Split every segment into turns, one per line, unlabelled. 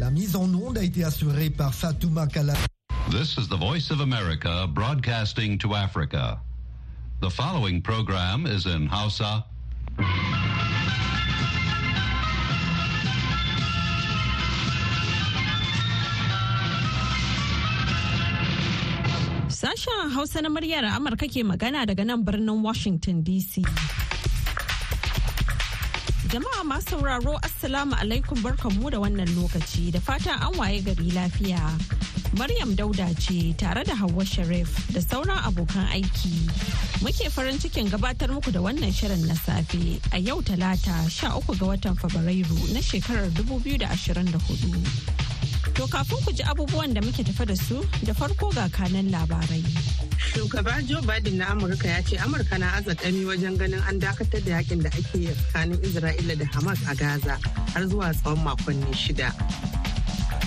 La mise en onde a été assurée par Fatouma Kala. This is the voice of America broadcasting to Africa. The following program is in Hausa.
Sashen Hausa na muryar Amurka ke magana daga nan birnin Washington DC. Jama'a masu sauraro Assalamu alaikum barkanmu da wannan lokaci da fatan an waye gari lafiya. Maryam Dauda ce tare da Hauwa Sharif da sauran abokan aiki. Muke farin cikin gabatar muku da wannan shirin na safe a yau talata 13 ga watan Fabrairu na shekarar 2024. To kafin ku ji abubuwan da muke tafa da su da farko ga kanan labarai.
Shugaba Joe Biden na Amurka ya ce Amurka na azakami wajen ganin an dakatar da yakin da ake yi tsakanin Isra'ila da Hamas a Gaza har zuwa tsawon makonni shida.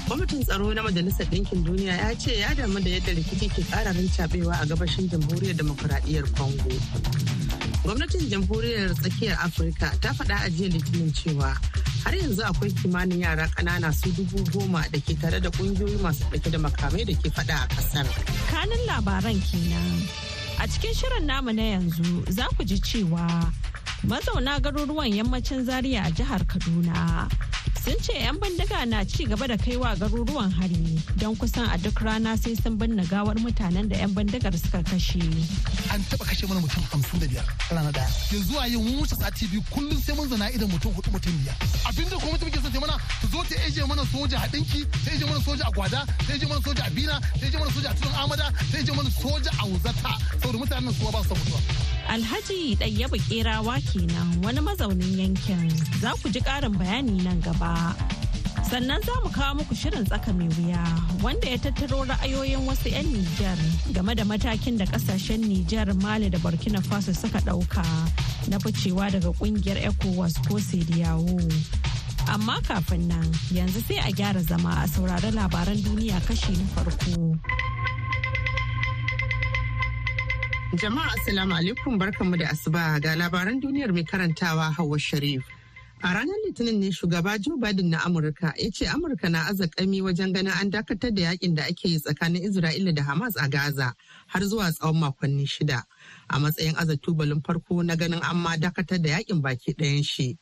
Kwamitin tsaro na Majalisar Ɗinkin Duniya ya ce ya damu da yadda rikici ke ƙararin cabewa a gabashin Jamhuriyar Demokuraɗiyyar Kongo. Gwamnatin Jamhuriyar Tsakiyar Afirka ta faɗa a jiya Litinin cewa har yanzu akwai kimanin yara ƙanana su dubu goma da ke tare da ƙungiyoyi masu ɗauke da makamai da ke faɗa a ƙasar. kanin
labaran kenan a cikin shirin namu na yanzu za ku ji cewa mazauna garuruwan yammacin zaria a jihar kaduna sun ce 'yan bandaga na ci gaba da kaiwa garuruwan hari don kusan a duk rana sai sun binne gawar mutanen da 'yan
bandagar suka kashe. An taba kashe mana mutum hamsin da biyar rana daya. Yanzu a yin wuce sati biyu kullum sai mun zana idan mutum hudu mutum biyar. Abinda kuma mutum ke son mana ta zo ta eje mana soja a ɗinki, ta eje mana soja a gwada, ta eje mana soja a bina, ta eje mana soja a tudun amada, ta eje mana soja a wuzata. Saboda mutanen su ba su mutuwa.
Alhaji Ɗayyaba Kerawa kenan wani mazaunin yankin. Za ku ji ƙarin bayani nan gaba. Sannan za mu kawo muku shirin tsaka mai wuya wanda ya tattaro ra'ayoyin wasu 'yan Nijar game da matakin da kasashen Nijar Mali da Burkina Faso suka ɗauka na ficewa daga kungiyar ECOWAS ko Sediyawo. Amma kafin nan yanzu sai a gyara zama a saurari labaran duniya kashi na farko.
Jama'a Assalamu alaikum barkanmu da asuba ga labaran duniyar mai karantawa Hauwa Sharif. A ranar Litinin ne shugaba Joe Biden na Amurka ya ce Amurka na azakami wajen ganin an dakatar da yakin da ake yi tsakanin Isra'ila da Hamas a Gaza har zuwa tsawon makonni shida a matsayin azatubalin farko na ganin an ma dakatar da yakin baki ɗayan shi.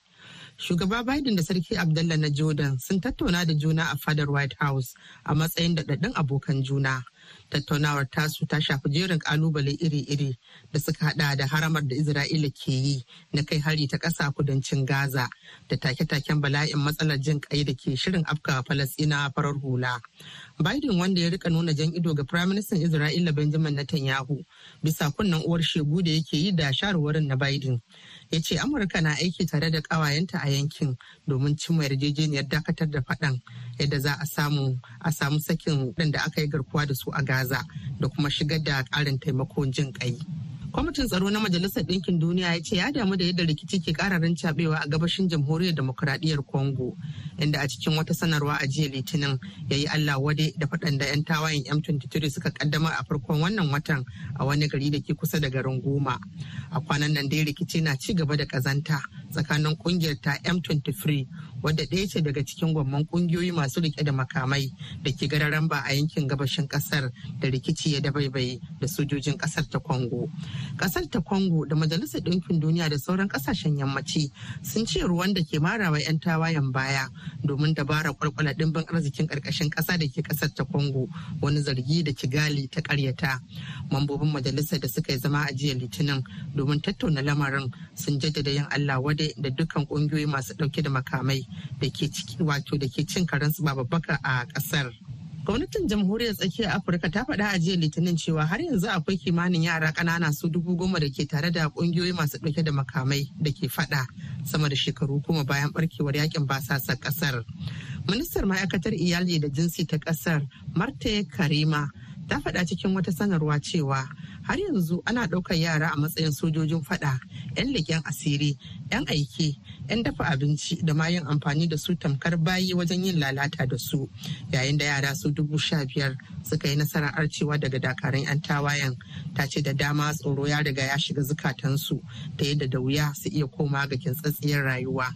Shugaba Biden da Sarki Abdullah na Jordan sun tattauna da juna a fadar White House a matsayin daɗaɗɗun abokan juna. tattaunawar tasu ta shafi jerin kalubale iri-iri da suka hada da haramar da isra'ila ke yi na kai hari ta ƙasa kudancin gaza da take-taken bala'in matsalar jin kai da ke shirin afka falasina farar hula biden wanda ya rika nuna jan ido ga firaministan isra'ila benjamin netanyahu bisa kunnen uwar shegu da yake yi da shawarwarin na biden ya ce amurka na aiki tare da ƙawayenta a yankin domin cimma yarjejeniyar dakatar da faɗan yadda za a samu a samu sakin waɗanda aka yi garkuwa da su a gaza da kuma shigar da ƙarin taimakon jin ƙai. Kwamitin tsaro na Majalisar Ɗinkin Duniya ya ce ya damu da yadda rikici ke ƙararin cabewa a gabashin jamhuriyar demokuraɗiyyar Congo, inda a cikin wata sanarwa a jiya Litinin ya yi Allah wade da faɗan da 'yan tawayen M23 suka kaddamar a farkon wannan watan a wani gari da ke kusa da garin Goma. A kwanan nan dai rikici na ci gaba da ƙazanta. tsakanin kungiyar ta M23 wadda ɗaya ce daga cikin gwamman kungiyoyi masu rike da makamai da ke gararan ba a yankin gabashin kasar da rikici ya dabaibaye da sojojin ƙasar ta kongo Ƙasar ta kongo da Majalisar Ɗinkin Duniya da sauran ƙasashen yammaci sun ce ruwan da ke marawa 'yan tawayen baya domin dabara kwalkwala ɗimbin arzikin ƙarƙashin ƙasa da ke ƙasar ta kongo wani zargi da Kigali ta ƙaryata. Mambobin majalisar da suka yi zama a jiya Litinin domin tattauna lamarin sun jaddada yin Allah wadda daidai da dukkan kungiyoyi masu dauke da makamai da ke ciki wato da ke cin karensu ba babbaka a kasar. gwamnatin jamhuriyar tsakiyar afirka ta faɗa a jiya litinin cewa har yanzu akwai kimanin yara ƙanana su dubu goma da ke tare da ƙungiyoyi masu ɗauke da makamai da ke faɗa sama da shekaru kuma bayan barkewar yakin basasar ƙasar ministar ma'aikatar iyali da jinsi ta ƙasar Marta karima ta faɗa cikin wata sanarwa cewa har yanzu ana ɗaukar yara a matsayin sojojin faɗa 'yan leƙen asiri 'yan aiki 'yan dafa abinci da ma yin amfani da su tamkar bayi wajen yin lalata da su yayin da yara su dubu sha biyar suka yi nasarar arcewa daga dakarun 'yan tawayen ta ce da dama tsoro ya riga ya shiga zukatansu ta yadda da wuya su iya koma ga kintsatsiyar rayuwa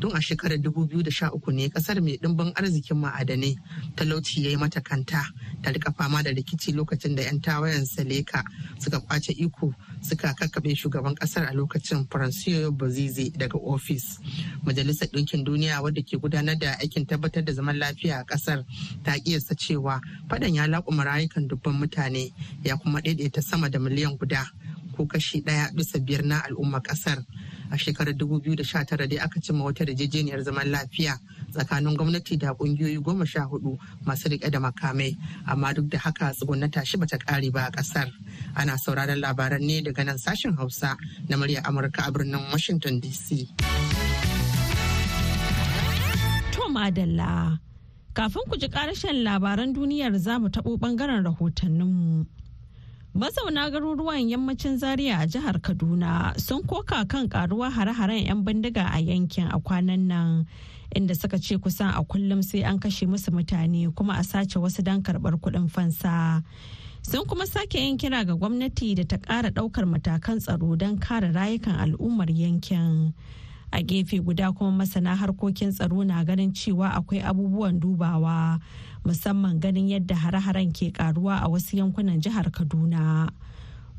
tun a shekarar 2013 ne kasar mai dimbin arzikin ma'adanai talauci ya yi mata kanta ta rika fama da rikici lokacin da 'yan tawayen saleka suka kwace iko suka kakkabe shugaban kasar a lokacin francois bozize daga ofis majalisar ɗinkin duniya wadda ke gudanar da aikin tabbatar da zaman lafiya a kasar ta kiyasta cewa fadan ya laƙuma rayukan dubban mutane ya kuma ɗaiɗaita sama da miliyan guda ko kashi ɗaya bisa biyar na al'ummar kasar a shekarar 2019 dai aka cimma wata yarjejeniyar zaman lafiya tsakanin gwamnati da kungiyoyi goma sha hudu masu rike da makamai amma duk da haka ta shi bata kare ba a kasar ana sauraron labaran ne daga nan sashen hausa na murya amurka a birnin washington dc madalla
kafin ku ji karashen labaran duniyar za mu taɓo ɓangaren rahotanninmu. Mazauna garuruwan yammacin Zaria a jihar Kaduna sun koka kan karuwa hare-haren 'yan bindiga a yankin a kwanan nan inda suka ce kusan a kullum sai an kashe musu mutane kuma a sace wasu don karɓar kuɗin fansa. Sun kuma sake yin kira ga gwamnati da ta ƙara ɗaukar matakan tsaro don kare rayukan al'ummar yankin. a gefe guda kuma masana harkokin tsaro na ganin cewa akwai abubuwan dubawa musamman ganin yadda hare-haren ke karuwa a wasu yankunan jihar Kaduna.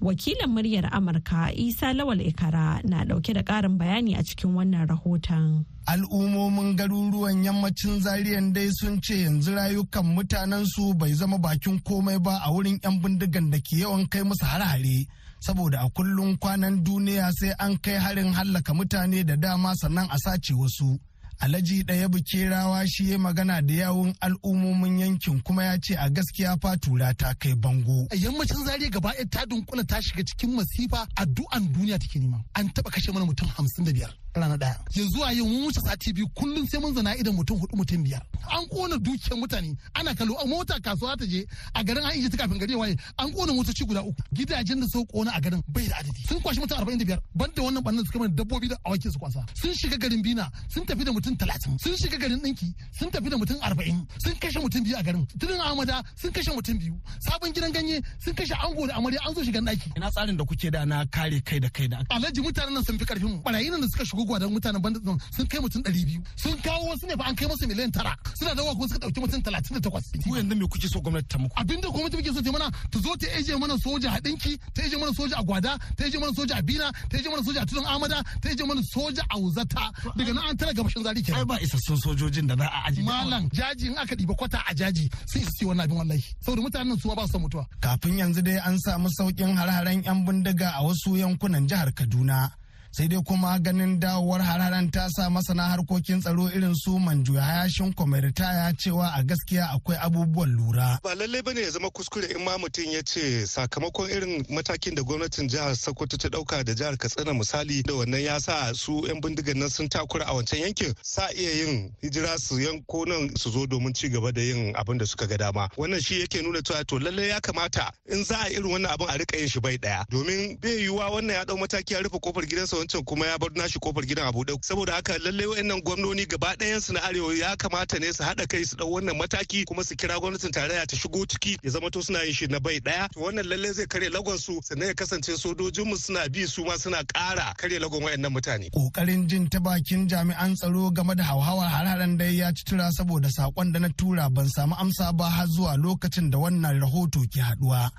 Wakilin muryar Amurka Isa Lawal Ikara na dauke da karin bayani a cikin wannan rahoton.
Al'ummomin garuruwan yammacin zariyan dai sun ce yanzu rayukan mutanensu bai zama bakin komai ba a wurin 'yan bindigan da ke yawan kai musu hare-hare. Saboda a kullum kwanan duniya sai an kai harin hallaka mutane da dama sannan a sace wasu. Alhaji ɗaya bukerawa shi ya magana da yawun
al'ummomin yankin kuma ya ce a gaskiya fatura ta kai bango. A Yammacin zariya gaba ɗaya ta dunkula ta shiga cikin masifa addu'an duniya take nema. An taɓa kashe mana mutum hamsin da biyar. rana daya yanzu a yi mun wuce sati biyu kullum sai mun zana idan mutum hudu mutum biyar an kona dukiyar mutane ana kallo a mota kasuwa ta je a garin an ta kafin gari waye an kona motoci guda uku gidajen da sau kona a garin bai da adadi sun kwashi mutum arba'in da biyar banda wannan bannan suka mana dabbobi da awaki su kwasa sun shiga garin bina sun tafi da mutum talatin sun shiga garin ɗinki sun tafi da mutum arba'in sun kashe mutum biyu a garin tudun amada sun kashe mutum biyu sabon gidan ganye sun kashe ango da amarya an zo shigan ɗaki. ina tsarin da kuke da na kare kai da kai da alhaji mutanen nan sun fi karfin mu barayin da suka shigo agogo mutanen bandit din sun kai mutum biyu sun kawo wasu ne fa an kai musu miliyan tara suna da kuma suka ɗauki mutum takwas. ku yanzu me kuke so gwamnati ta muku abinda gwamnati muke so ta mana ta zo ta eje mana soja a ɗinki ta eje mana soja a gwada ta eje mana soja a bina ta eje mana soja a tudun amada ta eje mana soja a wuzata daga nan an tara gabashin zari kenan ai ba isassun sojojin da za a aji malam jaji in aka ɗiba kwata a jaji sun isa wannan abin wallahi saboda mutanen su ba su mutuwa kafin yanzu dai an samu
saukin har-haren yan bindiga a wasu yankunan jihar Kaduna sai dai kuma ganin dawowar hararen ta sa masana harkokin tsaro irin su manju hayashin kwamirita ya cewa a gaskiya akwai abubuwan lura
ba lallai ne ya zama kuskure in ma mutum ya ce sakamakon irin matakin da gwamnatin jihar sokoto ta dauka da jihar katsina misali da wannan ya sa su yan bindigan nan sun takura a wancan yankin sa iya yin hijira su yanko nan su zo domin ci gaba da yin abin da suka ga dama wannan shi yake nuna cewa to lallai ya kamata in za a irin wannan abin a rika yin shi bai daya domin bai yiwuwa wannan ya dau mataki ya rufe kofar gidansa wancan kuma ya bar nashi kofar gidan a buɗe saboda haka lallai wayannan gwamnoni gaba ɗayan su na arewa ya kamata ne su haɗa kai su ɗau wannan mataki kuma su kira gwamnatin tarayya ta shigo ciki ya zama to suna yin shi na bai ɗaya to wannan lallai zai kare lagon su sannan ya kasance sojojin mu suna bi su ma suna ƙara kare lagon wayannan mutane
kokarin jin ta bakin jami'an tsaro game da hauhawar har-haren da ya ci tura saboda sakon da na tura ban samu amsa ba har zuwa lokacin da wannan rahoto ke haɗuwa.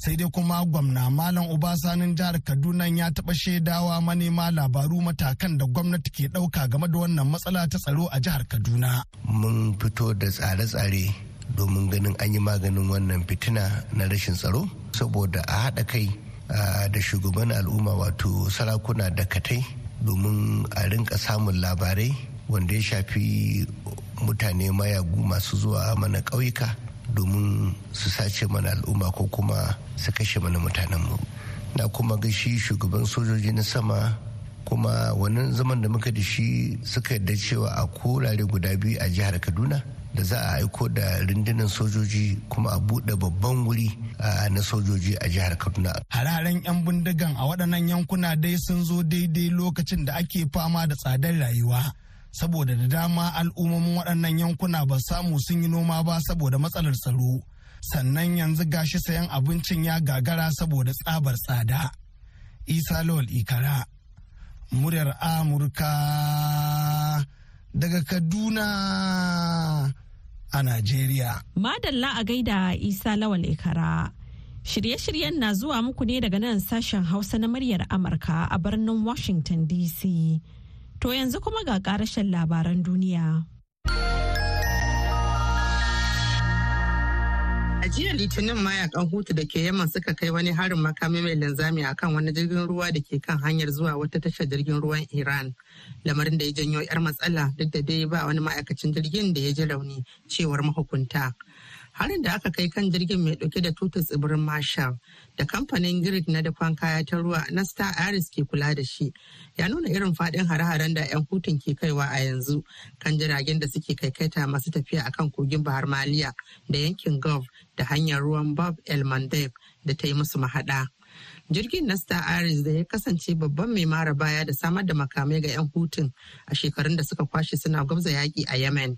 sai dai kuma gwamna malam obasanin jihar kaduna ya taɓa shaidawa manema labaru matakan da gwamnati ke ɗauka game da wannan matsala ta tsaro a jihar kaduna mun fito da
tsare-tsare domin ganin an yi maganin wannan fitina na rashin tsaro saboda a haɗa kai da shugaban al'umma wato sarakuna da katai domin a rinka samun labarai wanda ya shafi mutane mayagu masu zuwa mana ƙauyuka domin su sace mana al'umma ko kuma su kashe mana mutanen mu na kuma ga shi shugaban sojoji na sama kuma wannan zaman da muka da shi suka yarda cewa a korare guda biyu a jihar kaduna da za a aiko da rundunar sojoji kuma a buɗe babban wuri na sojoji a jihar
kaduna
hararen 'yan bindigan a waɗannan yankuna dai sun zo daidai lokacin da ake fama da tsadar rayuwa saboda da dama al'ummomin waɗannan yankuna ba samu sun yi noma ba saboda matsalar tsaro sannan yanzu gashi sayan abincin ya gagara saboda tsabar tsada isa lawal ikara muryar amurka daga kaduna a najeriya
madalla a gaida isa lawal ikara shirye-shiryen na zuwa muku ne daga nan sashen hausa na muryar amurka a birnin washington dc To yanzu kuma ga karashen labaran duniya.
A jiya litinin mayakan hutu da ke yamma suka kai wani harin makami mai linzami kan wani jirgin ruwa da ke kan hanyar zuwa wata tashar jirgin ruwan Iran. Lamarin da ya janyo 'yar matsala duk da dai ba wani ma'aikacin jirgin da ya ji rauni cewar mahukunta. harin da aka kai kan jirgin mai dauke da tutar tsibirin marshall da kamfanin greek na dafan kaya ta ruwa na star iris ke kula da shi ya nuna irin fadin hare-haren da 'yan hutun ke kaiwa a yanzu kan jiragen da suke kaikaita masu tafiya akan kogin bahar maliya da yankin gulf da hanyar ruwan bob el mandeb da ta yi musu mahada jirgin na star aris da ya kasance babban mai mara baya da samar da makamai ga 'yan hutun a shekarun da suka kwashe suna gwamza yaƙi a yemen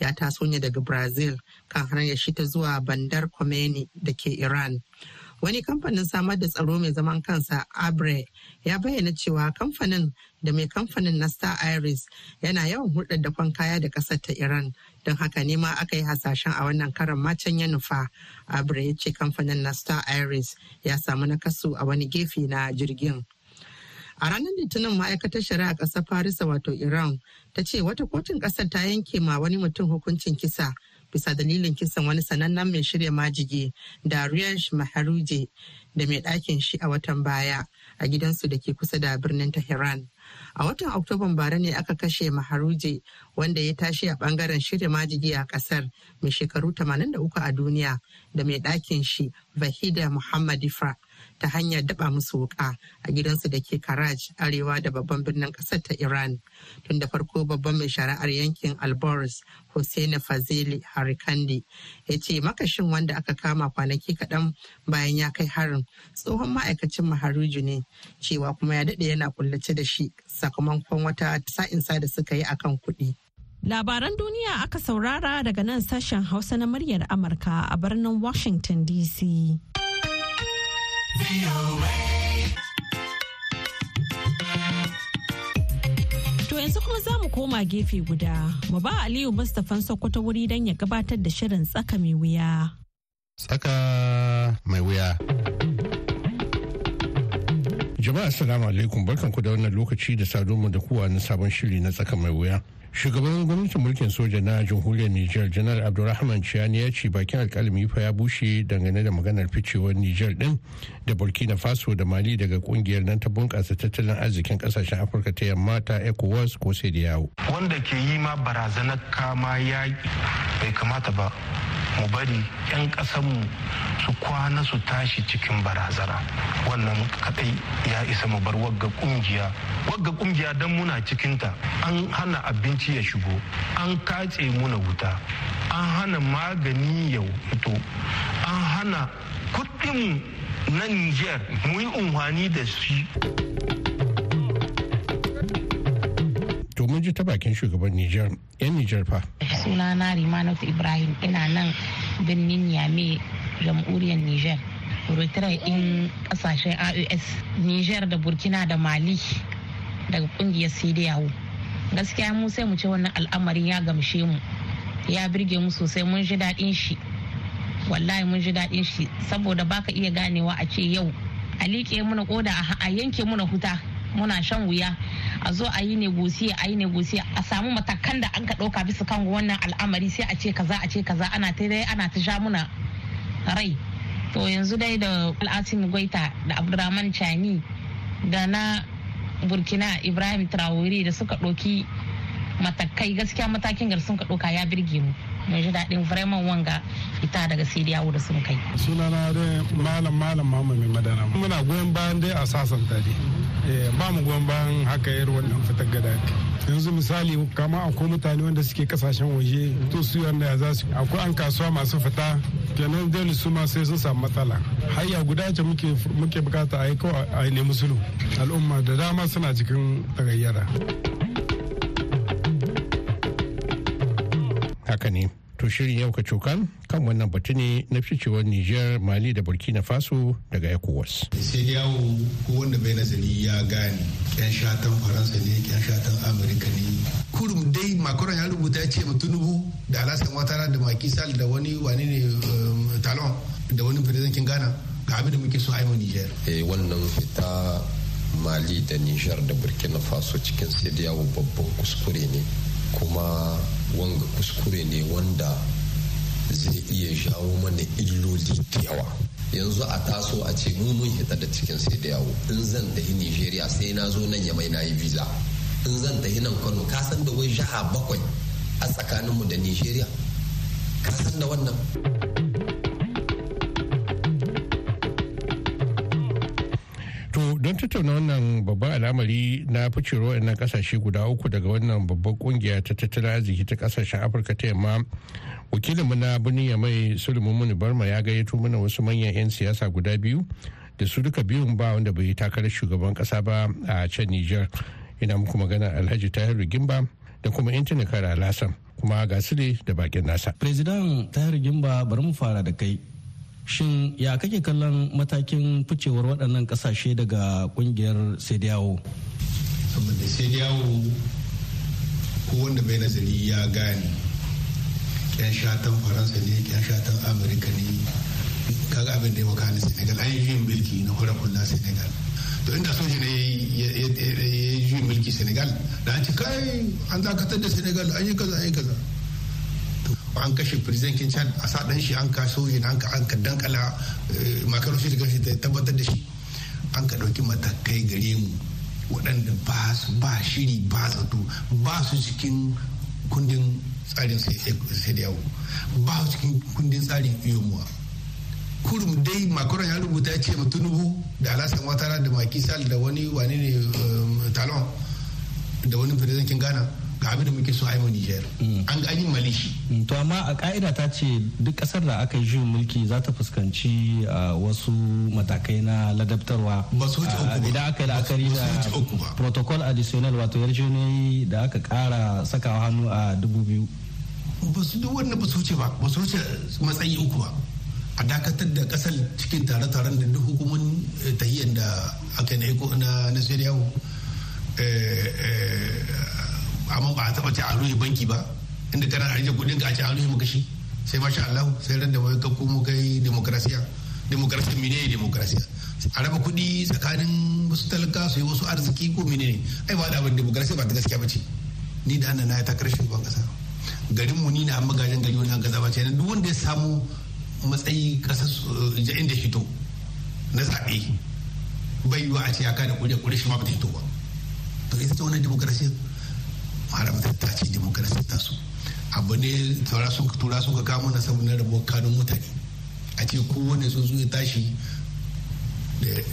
ya taso ne daga brazil kan hanyar shi ta zuwa bandar komeni da ke iran wani kamfanin samar da tsaro mai zaman kansa abre ya bayyana cewa kamfanin da mai kamfanin na star iris yana yawan hulɗar da kaya da ƙasar ta iran don haka ne ma aka yi hasashen a wannan karan macen ya nufa abre ya ce kamfanin na star iris ya samu nakasu a wani gefe na jirgin A ranar Litinin ma'aikatar shari'a ƙasar Farisa wato Iran ta ce wata kotun ƙasar ta yanke ma wani mutum hukuncin kisa bisa dalilin kisan wani sanannen mai shirya majige da Riyash Maharuje da mai ɗakin shi a watan baya a gidansu da ke kusa da birnin Tehran. A watan Oktoban bara ne aka kashe Maharuje wanda ya tashi a bangaren shirya majigi a kasar mai shekaru 83 a duniya da mai ɗakin shi Vahida Muhammad Ifra. ta hanyar daba musu wuka a gidansu da ke Karaj arewa da babban birnin ƙasar ta Iran. Tun da farko babban mai shari'ar yankin alboros Hussein Fazili Harikandi ya ce makashin wanda aka kama kwanaki kaɗan bayan ya kai harin tsohon ma'aikacin Maharuju ne cewa kuma ya daɗe yana kullace da shi sakamakon wata sa'insa da suka yi akan kuɗi.
Labaran duniya aka saurara daga nan sashen Hausa na muryar Amurka a birnin Washington DC. To yanzu kuma za mu koma gefe guda, mu ba Aliyu Mustapha Sokoto wuri don ya gabatar da shirin tsaka mai wuya.
Tsaka mai wuya. Jama'a assalamu alaikum ku da wannan lokaci da saduwa da kowa na sabon shiri na tsaka mai wuya. Shugaban gwamnatin mulkin soja na jamhuriyar Niger Janar Abdulrahman Chiani ya ce bakin alkalami fa ya bushe dangane da maganar ficewar Niger din da Burkina Faso da Mali daga kungiyar nan ta bunkasa tattalin arzikin kasashen Afirka ta yamma ta ECOWAS ko sai da yawo.
Wanda ke yi ma barazanar kama yaƙi bai kamata ba mu bari 'yan mu su kwana su tashi cikin barazana wannan kadai ya isa mu bar wagga kungiya wagga kungiya don muna cikinta an hana abinci ya shigo an katse muna wuta an hana magani ya fito an hana kudin na niger mu yi unhwani da shi
to mun ji ta bakin shugaban niger 'yan niger fa
suna na ibrahim ina nan birnin yame jamhuriyar niger retire in kasashen ios niger da burkina da mali daga kungiyar cdao gaskiya mu sai mu ce wannan al'amarin ya gamshe mu ya birge mu sosai mun ji daɗin shi wallahi mun ji daɗin shi saboda baka iya ganewa a ce yau a liƙe muna koda a yanke muna huta muna shan wuya a zo a yi negosiya a yi negosiya a samu matakan da an ka ɗauka bisa kan wannan al'amari sai a ce kaza a ce kaza ana ta dai ana ta sha muna rai to yanzu dai da al'asim gwaita da abdurrahman chani da na burkina ibrahim traore da suka ɗauki matakai gaskiya matakin gar sun ka ɗauka ya birge mu mai ji daɗin vraiment wanga ita daga sai yawo da sun kai
sunana da malam malam mama mai
madara muna goyon bayan dai a sasan tare eh, ba mu goyon bayan haka yar wannan fitar gada yanzu misali kama akwai mutane wanda suke kasashen waje to su ya za su akwai an kasuwa masu fita kenan dole su ma sai sun samu matsala hayya guda ce muke muke bukata a yi kawai a nemi sulu al'umma da dama suna cikin tagayyara.
haka ne to shirin yau ka cokan kan wannan batu ne na ficewar niger mali da burkina faso daga ecowas
sai yawo ko wanda bai nazari ya gane yan shatan faransa ne yan shatan amurka ne kurum dai makaron ya rubuta ya ce tunubu da alasan watara da makisal da wani wani ne um, talon da wani firizinkin ghana ga abin da muke so a yi
eh, wannan fita mali da niger da burkina faso cikin sai yawo babban kuskure ne kuma wanga kuskure ne wanda zai iya jawo mana illoli da yawa yanzu a taso a ce mun mun hita da cikin sai da yawo in zan tafi nigeria sai na zo nan ya mai na yi visa in zan tafi nan kano ka san da wai jaha bakwai a tsakaninmu da nigeria ka san da wannan
don tattauna wannan babban al'amari na ficewar na kasashe guda uku daga wannan babban kungiya ta tattalin arziki ta kasashen afirka ta yamma wakilinmu na birnin ya mai sulmumuni barma ya gayyato mana wasu manyan 'yan siyasa guda biyu da su duka biyun ba wanda bai takarar shugaban kasa ba a can niger ina muku magana alhaji Tahir gimba da kuma intanet kara lasan kuma ga da bakin nasa president Tahir gimba bari mu fara da kai shin ya kake kallon matakin
ficewar waɗannan ƙasashe daga ƙungiyar sediyawo
saboda sediyawo ko wanda bai nazari ya gane kyan shatan faransa ne kyan shatan amurka ne kaga abin da ya maka na senegal an yi juyin mulki na kula senegal to inda so shi ne ya yi juyin mulki senegal da an ci kai an dakatar da senegal an yi kaza an yi kaza an kashe kin chad a sa dan shi an ka yin an ka an ka dankala eh, makarar shi daga shi ta tabbatar da shi an ka ɗauki matakai gare mu waɗanda ba su ba shiri ba zato ba su cikin kundin tsarin sai da yawo ba su cikin kundin tsarin muwa. kurum dai makaron ya rubuta ya ce tunubu da alasan watara da makisal da wani wani ne eh, talon da wani kin gana. ga abin da muke so a yi Niger. Mm. An ga yin shi mm, To amma a ka'ida ta
ce duk kasar da aka yi juyin mulki za ta fuskanci wasu matakai na ladabtarwa. Ba su wuce uku ba. Idan aka yi la'akari da protocol additional wato yarjejeniyoyi da aka kara sakawa hannu a dubu biyu.
Ba su duk wannan ba su wuce ba ba su wuce matsayi uku ba. a dakatar da kasar cikin tare-taren da duk hukumin eh, tahiyyar da aka na na na amma ba a taba ce a banki ba inda kana ajiye kudin ka a ce a rufe maka shi sai masha Allah sai ran da wai ka komo kai demokrasiya demokrasiya mine ne demokrasiya a raba kudi tsakanin wasu talaka su yi wasu arziki ko mine ne ai ba da abin demokrasiya ba ta gaskiya ba ce ni da annana ya karshe ban kasa garin mu ni na magajin gari wannan gaza ba ce duk wanda ya samu matsayi kasar inda hito na zaɓe bai yiwa a ce ya kada kuri kuri shi ma ba ta hito ba to ita ce wannan demokrasiya haramtar ta cikin demokarasi ta su abu ne sun tura sun ka kama na saboda rabuwar kanun mutane a ce kowane sun zo ya tashi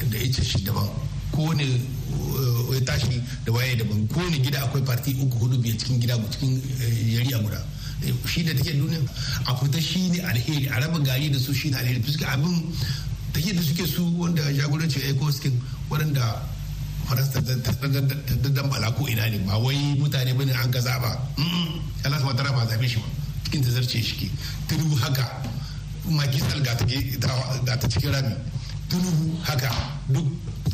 da ice shi daban kowane eh, ya tashi da waye daban kowane gida akwai parti uku hudu biyar cikin gida cikin eh, a guda eh, shi da take duniya a fita shi ne alheri a raba gari da su shi ne alheri fuska abin take da suke su wanda jagoranci ya yi waɗanda faransa ta dambala ko ina ne ba wai mutane bane an gaza ba Allah su tara ba zafi shi ba cikin ta zarce shi ke tunu haka makisal ga ta cikin rami tunu haka duk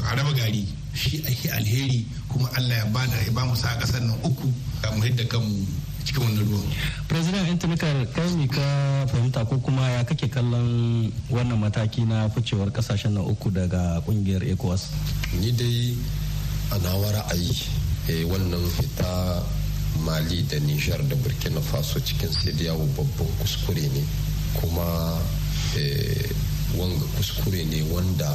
a raba gari shi ake alheri kuma Allah ya bada ya ba mu sa kasar nan uku mu hidda kanmu cikin wannan ruwan.
president tunikar kai ka fahimta ko kuma ya kake kallon wannan mataki na ficewar kasashen na uku daga
kungiyar ecowas ni dai a nawa ra'ayi eh, wannan fita mali da nijar da burkina faso cikin sediyawo babban kuskure ne kuma eh, wanga kuskure ne wanda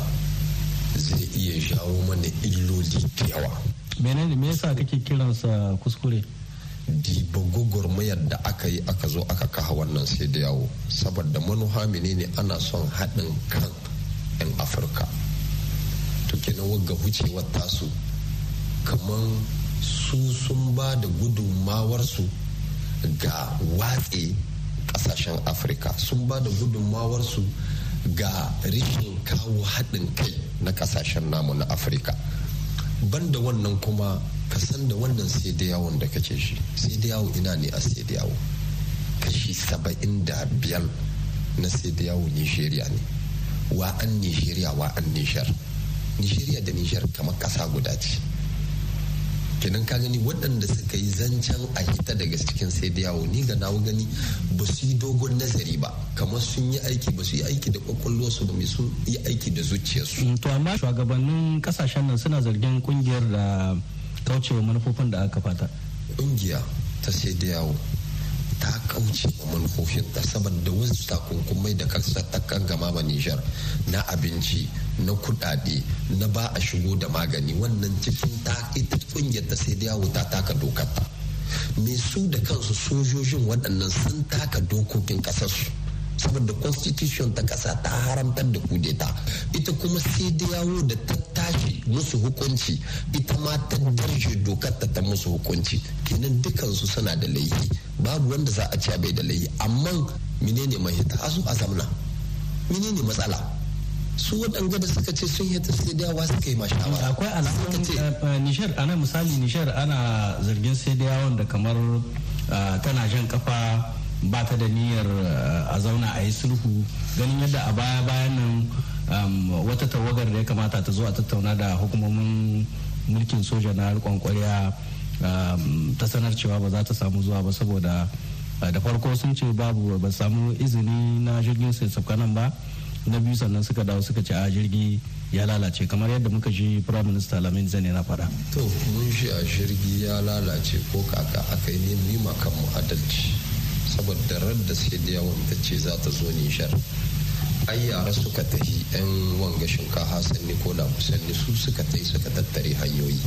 zai iya jawo mana illoli da yawa
menene me yasa kake kiransa kuskure
diba gwagwarmayar da aka yi aka zo aka kaha wannan sai da yawo saboda manuha menene ana son haɗin kan 'yan afirka to kenan wagga wucewar tasu kamar su sun ba da gudunmawarsu ga watse ƙasashen afirka sun ba da gudunmawarsu ga rishin kawo haɗin kai na ƙasashen namu na afirka banda wannan kuma ka san da wannan sai da yawon da kake shi sai da yawo ina ne a sai da yawo kashi saba'in da biyar na sai da yawo nigeria ne wa an nigeria wa an nigeria da nishar kamar kasa guda ce kenan ka gani waɗanda suka yi zancen a hita daga cikin sai da yawo ni ga nawa gani ba su yi dogon nazari ba kamar sun yi aiki ba su yi aiki da kwakwalwarsu ba mai sun yi aiki da zuciyarsu mm, to
amma shugabannin kasashen nan suna zargin kungiyar da kaucewa manufofin da aka fata
ƙungiya ta sai da yawo ta kauce manufofin ta saboda wasu takunkumai da kasa ta gama ma Nijar na abinci na kudade na ba a shigo da magani wannan cikin ta ita kungiyar ta sai da yawo ta taka dokar ta me su da kansu sojojin waɗannan sun taka dokokin ƙasarsu saboda constitution ta kasa ta haramtar da kudeta ita kuma sai da yawo da ta musu hukunci ita ma ta darje dokar ta musu hukunci kenan dukansu suna da laifi babu wanda za a ciya bai da laifi amma menene mahita a asu a zamna menene matsala su waɗanda da suka ce sun yata sai dawa suka yi mashawara akwai alamun
eh, nishar ana misali nishar ana zargin sai da kamar eh, tana jan kafa ba ta da niyyar eh, a zauna a yi sulhu ganin yadda a baya bayan nan um, wata tawagar da ya kamata ta zo a tattauna da hukumomin mulkin soja na rikon kwarya um, ta sanar cewa ba za ta samu zuwa ba saboda eh, da farko sun ce babu ba samu izini na jirgin sai nan ba na biyu sannan suka dawo suka ce a jirgi ya lalace kamar yadda muka ji prime minister lamin zane na fada
to mun shi a jirgi ya lalace ko kaka aka yi nima kan mu adalci saboda radda sai da yawon ta ce za ta zo nishar ai yara suka tafi yan wanga shinkafa sanni ko da kusanni su suka tai suka tattare hanyoyi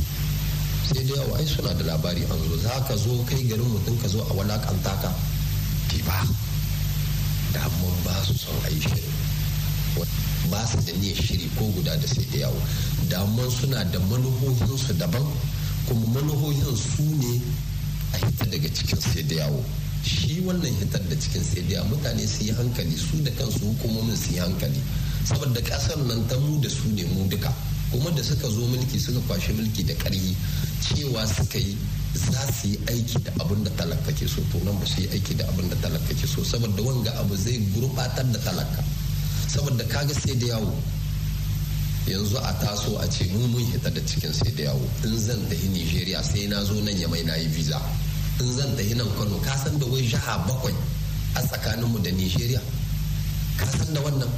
sai da yawa ai suna da labari an zo za ka zo kai garin mutum ka zo a wulakanta ka ki ba da ba su son a ba su da niyyar shiri ko guda da sai da yawo da suna da manuhohinsu daban kuma manuhohin su ne a hita daga cikin sai da yawo shi wannan hitar da cikin sediya mutane su yi hankali su da kansu hukumomin su yi hankali saboda kasar nan ta mu da su ne mu duka kuma da suka zo mulki suka kwashe mulki da ƙarfi cewa suka yi za su yi aiki da abin da talaka ke so to nan ba su yi aiki da abin da talaka ke so saboda wanga abu zai gurbatar da talaka saboda kaga sai da yawo yanzu a taso a ce mun mun hita da cikin sai da yawo in zan tafi nigeria sai na zo nan ya mai na yi visa in zan tafi nan kano ka san da wai jiha bakwai a tsakaninmu da nigeria ka da wannan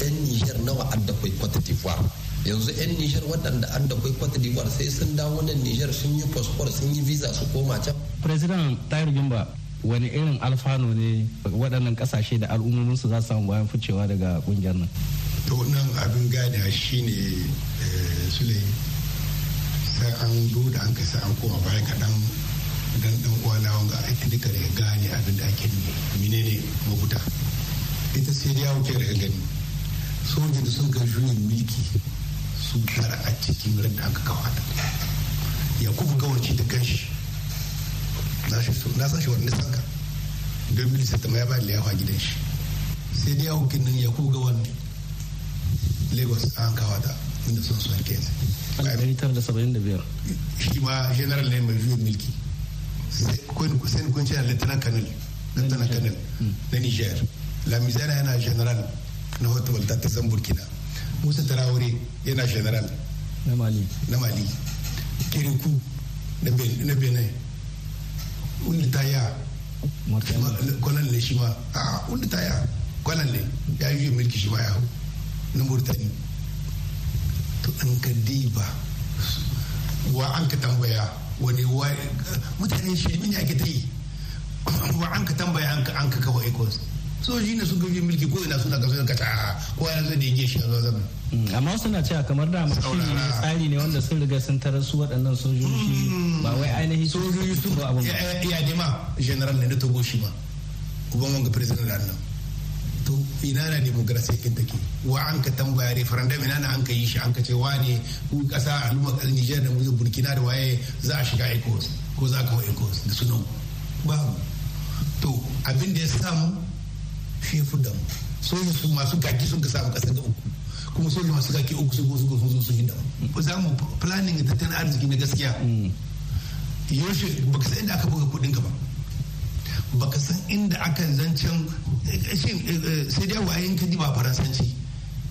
yan niger nawa an da kwai kwata tifuwar yanzu yan niger waɗanda an da kwai kwata tifuwar sai sun dawo nan niger sun yi passport sun yi visa su koma can
president tayar gimba wani irin alfano ne waɗannan ƙasashe da al'ummominsu za su samu bayan ficewa daga ƙungiyar nan
to nan abin shi shine eh, sulai sai an duda an kasa an koma baya kaɗan dan dan na wanga ita duka daga gane abin da ake ne menene mabuta ita sai yawon wuce daga gani sojin da sun ga juyin mulki sun tara a cikin ran da aka kawata ya kuma gawarci da gashi na sashi shi wanda sanka don milisa ta ya bayan liyafa gidan shi sai dai yawon kinnan ya kuma Gawar lagos an kawata inda sun suwan kenan. a 1975 shi ma general ne mai juyin milki sen kunce na lieutenant colonel lieutenant colonel hmm. na niger La lamizana yana general na hoto walta ta san burkina musa tarawore yana general na mali na mali kiriku na benin wanda ta ya kwanan ne shi ma a wanda ta ya kwanan ne ya yi mulki shima ya hau na murtani to an ka diba wa an ka tambaya wani mutane shirin ne ake ta yi ba an ka tambaya an ka kawai ecos soji ne sun gaji mulki ko ina suna ka ta ko ya zai dinge shi a zama amma wasu na cewa kamar
da shi ne tsari ne wanda sun riga sun tarar su waɗannan sojoji ba wai ainihin sojoji
su ba abin ya dima general ne da togo shi ba ubangwanga president da nan to ina na demokrasiya kinta ke wa an ka tambaya referendum ina na an ka yi shi an ka ce wa ne ku kasa al'umma kasar Nijar da mu Burkina da waye za a shiga ECOWAS ko za ka wa ECOWAS da sunan ba to abin da ya samu shefu da mu soja su masu gaki sun ka samu kasar da uku kuma so soja masu gaki uku sun zo sun zo sun hinda mu za mu planning tattalin arziki na gaskiya mm. yaushe ka san inda aka buga kudin ka ba baka san inda aka zancen eh, eh, eh, sai dai wayan ka ba faransanci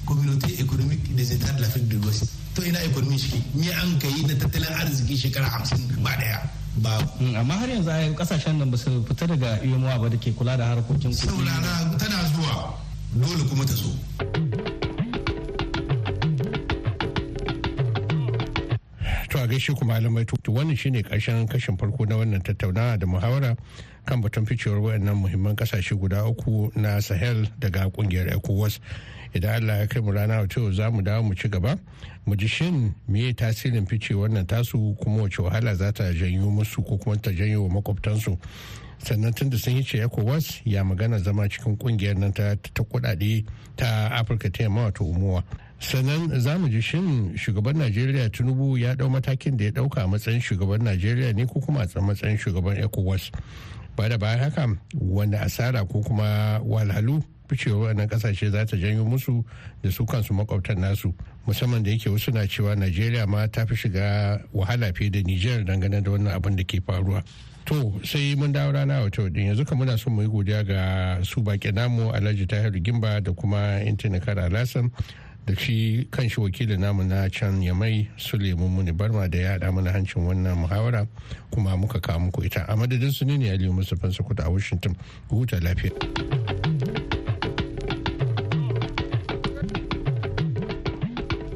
community economic des états de l'Afrique de l'Ouest to ina economy shi me an kai da tattalin arziki shekara 50 ba daya ba
mm, amma har yanzu ai kasashen nan ba su fita daga yomowa ba da ke kula da harkokin kuɗi
saurana tana
zuwa dole kuma ta zo to a gaishe kuma malamai tutu wannan shine karshen kashin farko na wannan tattaunawa da muhawara kan batun ficewar wayannan muhimman kasashe guda uku na sahel daga kungiyar ecowas idan allah ya kai mu rana wato za mu dawo mu ci gaba mu ji shin meye tasirin ficewar nan tasu kuma wace wahala za ta janyo musu ko kuma ta janyo wa makwabtansu sannan tun da sun yi ce ecowas ya magana zama cikin kungiyar nan ta kudade ta afirka ta yamma wato umuwa sannan za mu ji shin shugaban najeriya tinubu ya dau matakin da ya dauka a matsayin shugaban najeriya ne ko kuma a matsayin shugaban ecowas ba da bayan haka wani asara ko kuma walhalu ficewar waɗannan kasashe za ta janyo musu da su kansu makwabtan nasu musamman da yake wasu na cewa najeriya ma ta fi shiga wahala fiye da niger dangane da wannan abin da ke faruwa to sai mun dawo rana wato din yanzu kan muna son mu yi godiya ga su baki namu alhaji tahiru gimba da kuma intanet kara lasan da shi kan shi wakilin namu na can ya su suleiman muni barma da ya haɗa mana hancin wannan muhawara kuma muka kawo muku ita a madadin su ne ne aliyu fansa sokoto a washington huta lafiya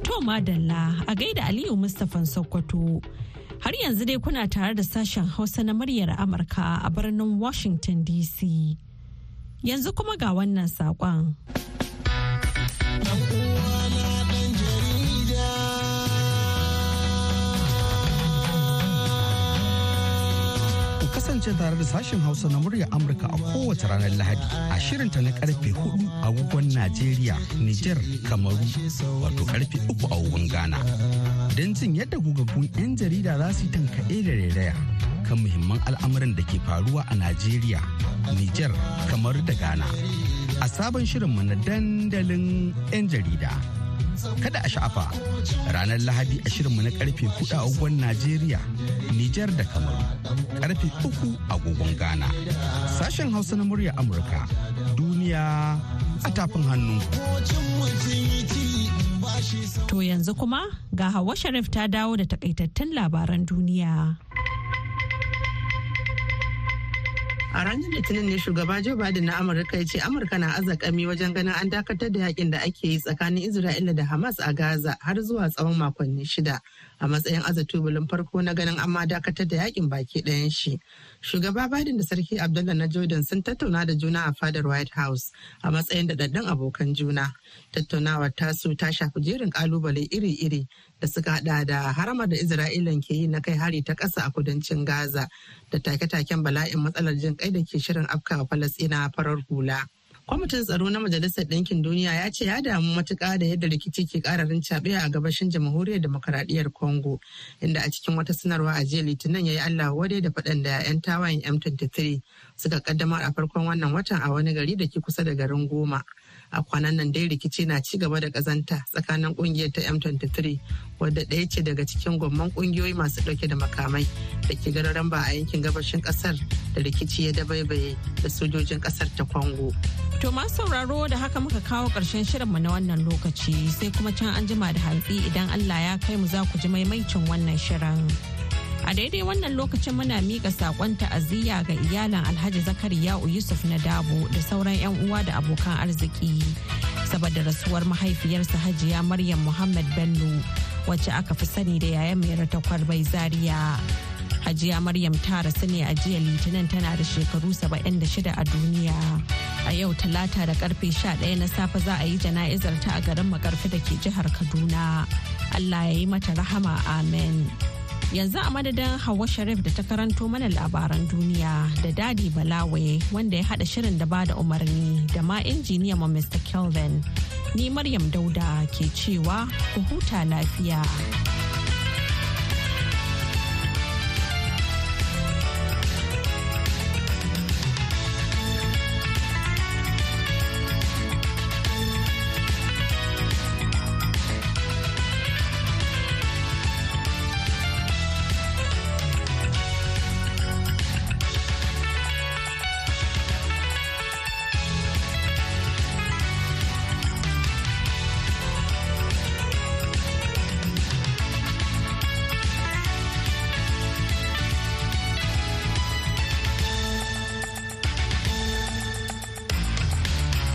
to madalla a gaida aliyu mustapha sokoto har yanzu dai kuna tare da sashen hausa na muryar amurka a birnin washington dc yanzu kuma ga wannan saƙon.
kasance tare da sashen Hausa na murya Amurka a kowace ranar Lahadi a shirinta na karfe 4 agogon Najeriya, Nijar, Kamaru, wato karfe 3 agogon Ghana. Don jin yadda gugaggun 'yan jarida za su yi tankaɗe da rairaya kan muhimman al'amuran da ke faruwa a Najeriya, Nijar, Kamaru da Ghana. A sabon shirinmu na dandalin 'yan jarida. Kada a sha'afa ranar Lahadi a shirinmu na karfe a agogon Najeriya, Nijar da Kamaru, karfe uku agogon Ghana. Sashen Hausa na murya Amurka, duniya
a tafin hannu.
To yanzu kuma ga Hawa Sharif ta dawo da takaitattun labaran duniya.
a ranar litinin ne shugaba joe biden na amurka ya ce amurka na azakami wajen ganin an dakatar da yakin da ake yi tsakanin isra'ila da hamas a gaza har zuwa tsawon makonni shida a matsayin azatubulin farko na ganin amma dakatar da yakin baki ɗayan shi. Shugaba Biden da Sarki Abdullah na Jordan sun tattauna da juna a fadar White House a matsayin da daddan abokan juna. Tattaunawar tasu ta shafi jerin ƙalubale iri-iri da suka hada da haramar da isra'ila ke yi na kai hari ta ƙasa a kudancin Gaza da take-taken bala'in matsalar jin kai da ke shirin afka falastina farar hula. kwamitin tsaro na majalisar ɗinkin duniya ya ce ya damu matuka da yadda rikici ke kararin caɓe a gabashin jamhuriyar demokaradiyyar congo inda a cikin wata sanarwa a jiya litinin ya yi allah wadai da faɗan da 'yan tawayen m23 suka kaddamar a farkon wannan watan a wani gari da ke kusa da garin goma a kwanan nan dai rikici na ci gaba da kazanta tsakanin kungiyar ta m23 wadda ɗaya ce daga cikin gwamman kungiyoyi masu ɗauke da makamai da ke gararan ba a yankin gabashin ƙasar da rikici ya dabaibaye da sojojin ƙasar ta kwango to masu
sauraro da haka muka kawo ƙarshen shirinmu na wannan lokaci sai kuma can anjima da hantsi idan allah ya kai mu za ku ji maimaicin wannan shirin. A daidai wannan lokacin muna mika saƙon ta'aziyya ga iyalan Alhaji u Yusuf na Dabo da sauran 'yan uwa da abokan arziki. Saboda rasuwar mahaifiyarsa Hajiya Maryam Muhammad Bello wacce aka fi sani da yayan mai ratakwar bai zaria. Hajiya Maryam ta rasu ne a jiya Litinin tana da shekaru 76 a duniya. A yau Talata da karfe 11 na safe za a yi jana'izar ta a garin Makarfi da ke jihar Kaduna. Allah ya yi mata rahama amen. Yanzu a madadin Hauwa Sharif da ta karanto mana labaran duniya da Dadi Balawe wanda ya haɗa shirin da ba da umarni da ma injiniya ma Mr. Kelvin. Ni Maryam Dauda ke cewa ku huta lafiya.